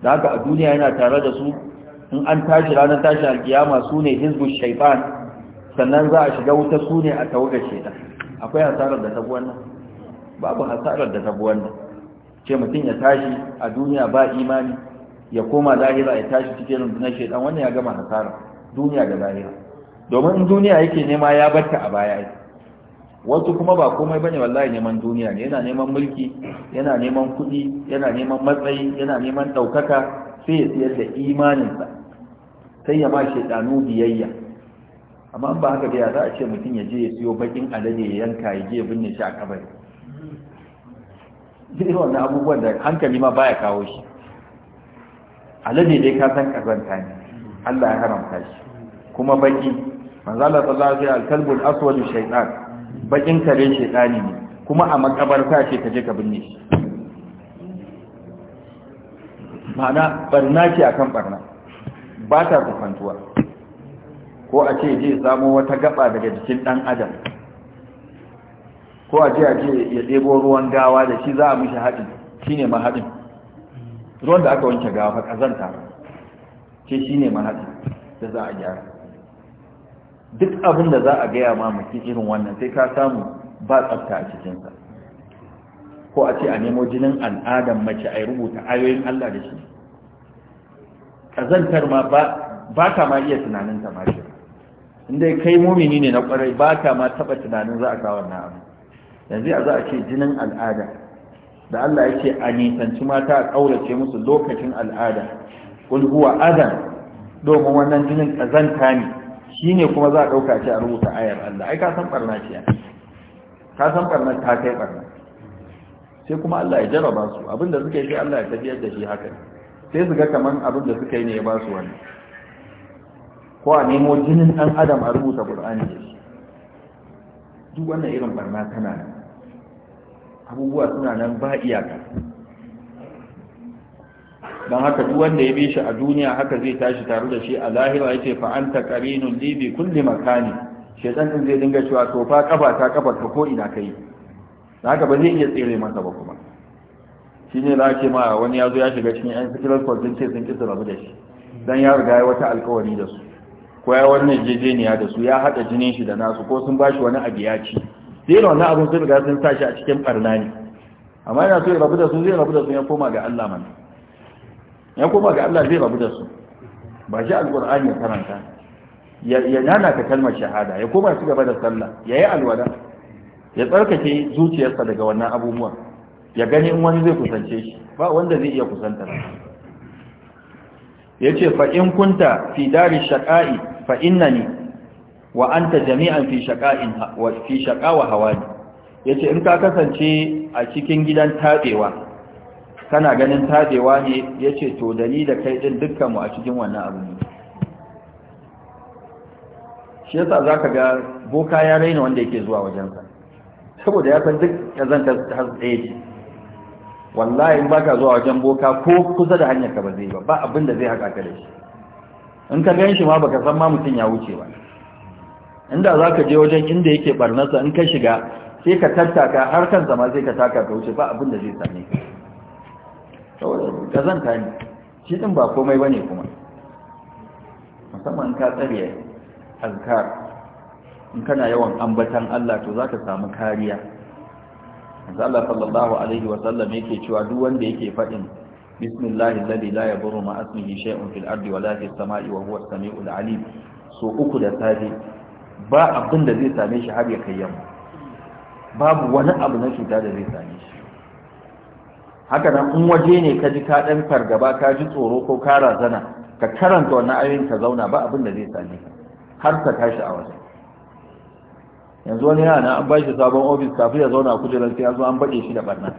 da haka a duniya yana tare da su in an tashi ranar tashin alkiyama su ne hizbu shaitan sannan za a shiga wuta su ne a tawaga shedan akwai hasarar da tabu wannan babu hasarar da tabu wannan ce mutum ya tashi a duniya ba imani ya koma lahira ya tashi cikin rundunar shaidan wannan ya gama hasara duniya da lahira domin duniya yake nema ya barta a baya wasu kuma ba komai bane wallahi neman duniya ne yana neman mulki yana neman kuɗi yana neman matsayi yana neman ɗaukaka sai ya siyar da imaninsa sai ya ma shaidanu biyayya amma ba haka da za a ce mutum ya je ya siyo bakin alade ya yanka ya je ya binne shi a kabari duk wannan abubuwan da hankali ma baya kawo shi alade dai ka san kazanta ne Allah ya haramta shi kuma baki manzo Allah sallallahu alaihi wasallam kalbul aswad shaytan bakin kare shaytani ne kuma a makabarta ce ka je ka binne shi mana barna ce akan barna ba ta kufantuwa ko a ce je samo wata gaba daga jikin dan adam ko a ce a ce ya ɗebo ruwan gawa da shi za a mishi haɗin shine mahaɗin. ruwan da aka wanke gawa kazanta ce shi ne mahaɗi da za a gyara duk abin da za a gaya ma mutum irin wannan sai ka samu ba tsafta a cikinsa ko a ce a nemo jinin al'adar mace a rubuta ayoyin Allah da shi kazantar ma ba ta ma iya tunanin ta mace inda kai mumini ne na kwarai ba ta ma taɓa tunanin za a kawo wannan abu yanzu a za a ce jinin al'ada da Allah yake a nisanci mata a ƙaurace musu lokacin al'ada kul huwa adam domin wannan jinin ƙazanta ne ne kuma za a ɗauka shi a rubuta ayar Allah ai ka san barna ce ka san barna ta kai barna sai kuma Allah ya jaraba su abinda suka yi sai Allah ya tafiyar da shi haka sai su ga kaman abinda suka yi ne ya ba su wani ko a nemo jinin ɗan adam a rubuta Qur'ani duk wannan irin barna tana nan abubuwa suna nan ba iyaka don haka duk wanda ya bi shi a duniya haka zai tashi tare da shi a lahira yace fa anta qarinun li bi kulli makani din zai dinga cewa to fa kafa ta kafa ka ko ina kai don haka ba zai iya tsere masa ba kuma Shi ne za ce ma wani yazo ya shiga cikin yan fitilar sun ce sun kisa rabu da shi dan ya riga ya wata alkawari da su ko ya wannan jejeniya da su ya haɗa jinin shi da nasu ko sun ba shi wani abu ya sai da wannan abin sun riga sun sa a cikin barna ne amma yana so ya rabu da su zai rabu da su ya koma ga Allah mana ya koma ga Allah zai rabu da su ba shi Alƙur'an ya karanta ya yana ka kalmar shahada ya koma su gaba da sallah ya yi alwala ya tsarkake zuciyarsa daga wannan abubuwa ya gani in wani zai kusance shi ba wanda zai iya kusantar ya ce fa'in kunta fi dari shaƙa'i fa'in na ne wa anta jami'an fi shaqa'in wa fi shaqawa hawani yace in ka kasance a cikin gidan tabewa kana ganin tabewa ne yace to da ni da kai din dukkan mu a cikin wannan abu ne shi yasa zaka ga boka ya raina wanda yake zuwa wajensa saboda ya san duk kazanta har tsaye wallahi in baka zuwa wajen boka ko kusa da hanyar ka ba zai ba ba abin da zai haka ka da shi in ka gan shi ma baka san ma mutun ya wuce ba inda za ka je wajen inda yake barnarsa in ka shiga sai ka tattaka har kan zama sai ka taka ka wuce ba abin da zai same ka saboda kazanta ne shi din ba komai bane kuma musamman ka tsariya azkar in kana yawan ambatan Allah to za ka samu kariya Allah sallallahu alaihi wa sallam yake cewa duk wanda yake fadin bismillahi alladhi la yadurru ma ismihi shay'un fil ardi wa la fis samai wa huwa as-sami'ul alim so uku da safe ba abin da zai same shi har ya kai yamma babu wani abu na cuta da zai same shi haka nan in waje ne ka ji ka ɗan fargaba ka ji tsoro ko ka razana ka karanta wannan ayoyin ka zauna ba abin da zai same ka har ka tashi a waje yanzu wani yana an ba shi sabon ofis kafin ya zauna a kujerar sai an zo an baɗe shi da barna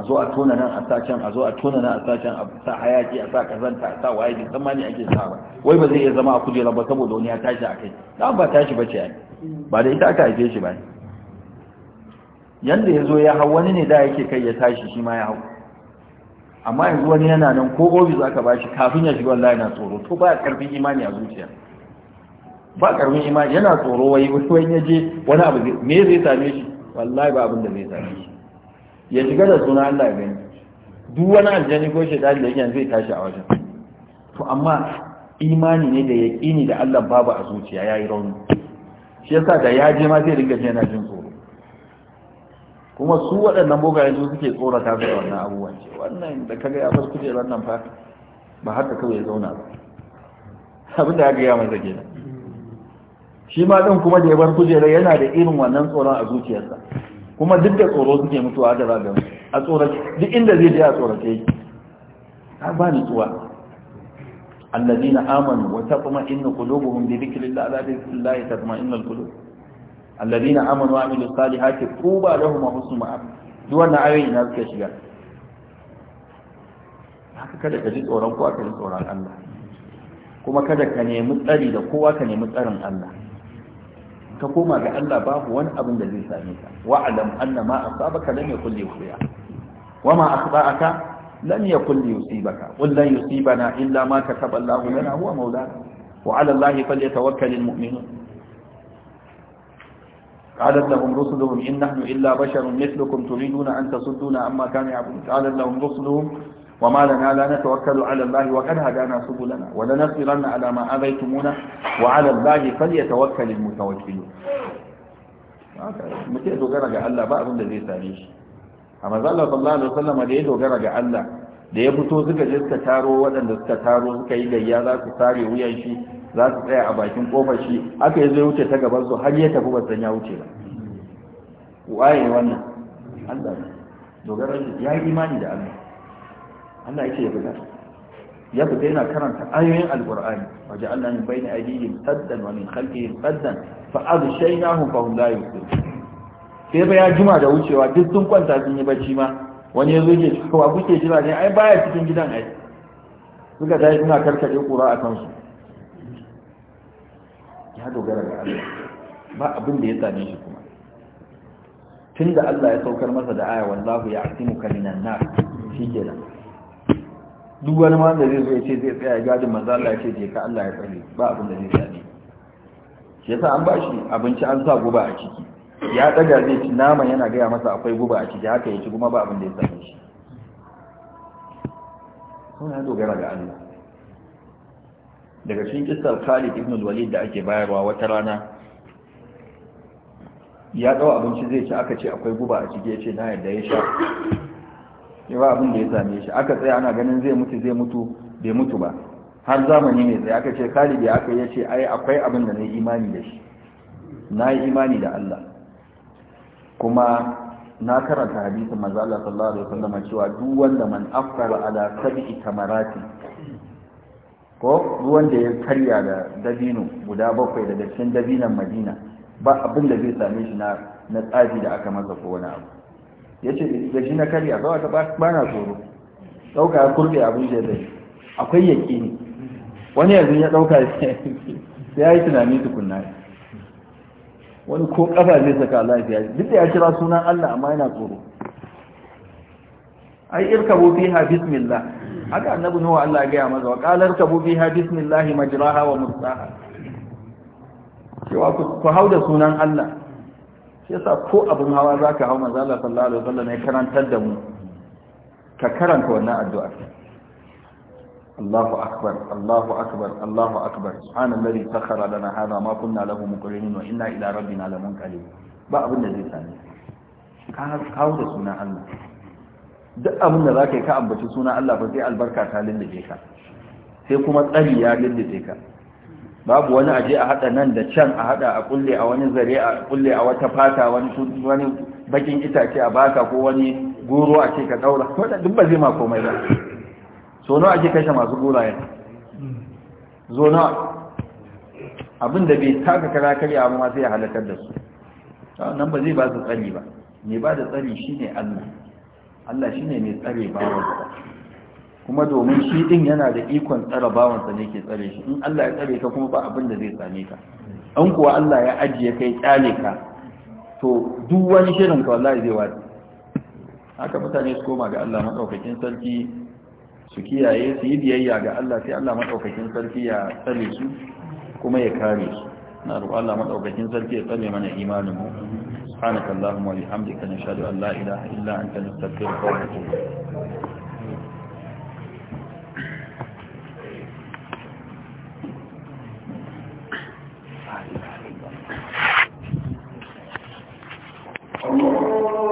a zo a tona nan a sacen a zo a tona nan a sacen a sa hayaki a sa kazanta a sa waye ne san ma ne ake sa ba wai ba zai iya zama a kujera ba saboda wani ya tashi a kai dan ba tashi bace ai ba da ita aka haife shi ba yanda ya zo ya hau wani ne da yake kai ya tashi shi ma ya hau amma yanzu wani yana nan ko za ka bashi kafin ya shiga wallahi na tsoro to ba karfin imani a zuciya ba karfin imani yana tsoro wai wani ya je wani abu me zai same shi wallahi ba abin da zai same shi ya shiga da suna Allah ya gani duk wani aljani ko shaitani da yake zai tashi a wajen to amma imani ne da yaqini da Allah babu a zuciya yayi rauni shi yasa da ya je ma zai dinga jin yana jin tsoro kuma su waɗannan bogayen su suke tsorata su da wannan abubuwan ce wannan da kaga ya bar kuje wannan fa ba haka kawai ya zauna ba abin da ya gaya masa kenan shi ma ɗin kuma da ya bar kujerar yana da irin wannan tsoron a zuciyarsa kuma duk da tsoro suke mutuwa da zagan a tsorace duk inda zai je a tsorace yake ta ba ni tsuwa allazina amanu wata wa tatma'innu qulubuhum bi dhikrillah ala inna tatma'innul qulub allazina amanu wa amilus salihati quba lahum wa husnu ma'ab duk wannan ayoyi na suke shiga haka kada ka ji tsoron kowa ka ji tsoron Allah kuma kada ka nemi tsari da kowa ka nemi tsarin Allah ka koma ga Allah babu wani abin da zai same ka wa'lam anna ma asabaka lam yakul li yusiba wa ma akhta'aka lam yakul li yusibaka qul lan yusibana illa ma kataba Allahu lana huwa maulana wa 'ala Allahi falyatawakkalul mu'minun قالت لهم رسلهم إن نحن إلا بشر مثلكم تريدون أن amma عما كان يعبدون قالت لهم رسلهم وما لنا لا نتوكل على الله وقد هدانا سبلنا ولنصبرن على ما آذيتمونا وعلى الله فليتوكل المتوكلون mutum ya dogara ga Allah ba abin da zai same shi a mazalla sallallahu alaihi wasallam da ya dogara ga Allah da ya fito suka je suka taro waɗanda suka taro suka yi gayya za su sare wuyan shi za su tsaya a bakin kofar shi aka yi zai wuce ta gaban su har ya tafi ba san ya wuce ba waye wannan Allah dogara ya yi imani da Allah Allah yake ya buga ya fita yana karanta ayoyin alqur'ani waje Allah min bayni aydihim saddan wa min khalfihim saddan fa abshaynahum fa hum la yusir sai ba ya jima da wucewa duk sun kwanta sun yi bacci ma wani yazo yake cewa kuke jira ne ai baya cikin gidan ai suka dai suna karkade kura a kansu ya dogara ga Allah ba abin da ya same shi kuma tunda Allah ya saukar masa da aya wallahu ya'timuka minan nar shikenan duk wani ma da zai zo ya ce zai tsaya ya gadin manzo Allah ya ce je ka Allah ya tsare ba abin da zai tsare. shi yasa an bashi abinci an sa guba a ciki ya daga zai ci nama yana gaya masa akwai guba a ciki haka ya ci kuma ba abin da ya sani shi sun ya dogara ga Allah daga cikin kisar Khalid ibn Walid da ake bayarwa wata rana ya dawo abinci zai ci aka ce akwai guba a ciki ya ce na yadda ya sha ba abin da ya same shi aka tsaya ana ganin zai mutu zai mutu bai mutu ba har zamani mai tsaye aka ce kalibi aka ya ce ai akwai abin da na yi imani da shi na yi imani da Allah kuma na karanta hadisin manzo Allah sallallahu alaihi wasallam cewa duk wanda man afkara ala sab'i tamarati ko duk wanda ya karya da dabino guda bakwai daga cikin dabinan Madina ba abin da zai same shi na na tsafi da aka masa ko wani abu ya ce da shi na karya ba wata ba na tsoro ɗauka ya kurɗe abin da zai akwai yaƙi ne wani yanzu ya ɗauka sai ya yi tunani tukunna wani ko ƙafa zai saka lafiya duk da ya kira sunan Allah amma yana tsoro ai irkabu fiha bismillah haka annabi nawa Allah ya gaya masa wa qala irkabu fiha bismillah majraha wa mursaha cewa ku hauda sunan Allah yasa ko abin hawa za ka hau manzala sallallahu alaihi wasallam ya karantar da mu ka karanta wannan addu'a Allahu akbar Allahu akbar Allahu akbar subhanallazi sakhara lana hada ma kunna lahu muqrinin wa inna ila rabbina lamunqalib ba abin da zai sani ka kawo da sunan Allah duk abin da zaka yi ka ambaci sunan Allah ba sai albarka ta lullube ka sai kuma tsari ya lullube ka babu wani aje a hada nan da can a hada a kulle a wani zare a kulle a wata fata wani wani bakin itace a baka ko wani goro a ce ka daura To da duk ba zai ma komai ba so nawa ake kashe masu gorayen zo na. abin da bai taka kara kare amma sai ya halakar da su nan ba zai ba su tsari ba mai ba da tsari shine Allah Allah shine mai tsare bawa kuma domin shi din yana da ikon tsara bawansa ne ke tsare shi in Allah ya tsare ka kuma ba abin da zai same ka an kuwa Allah ya ajiye kai kyale ka to duk wani shirin ka wallahi zai wadi haka mutane su koma ga Allah madaukakin sarki su kiyaye su yi biyayya ga Allah sai Allah madaukakin sarki ya tsare su kuma ya kare su na roƙon Allah madaukakin sarki ya tsare mana imanin mu سبحانك اللهم وبحمدك نشهد ان لا اله الا انت نستغفرك ونتوب اليك الله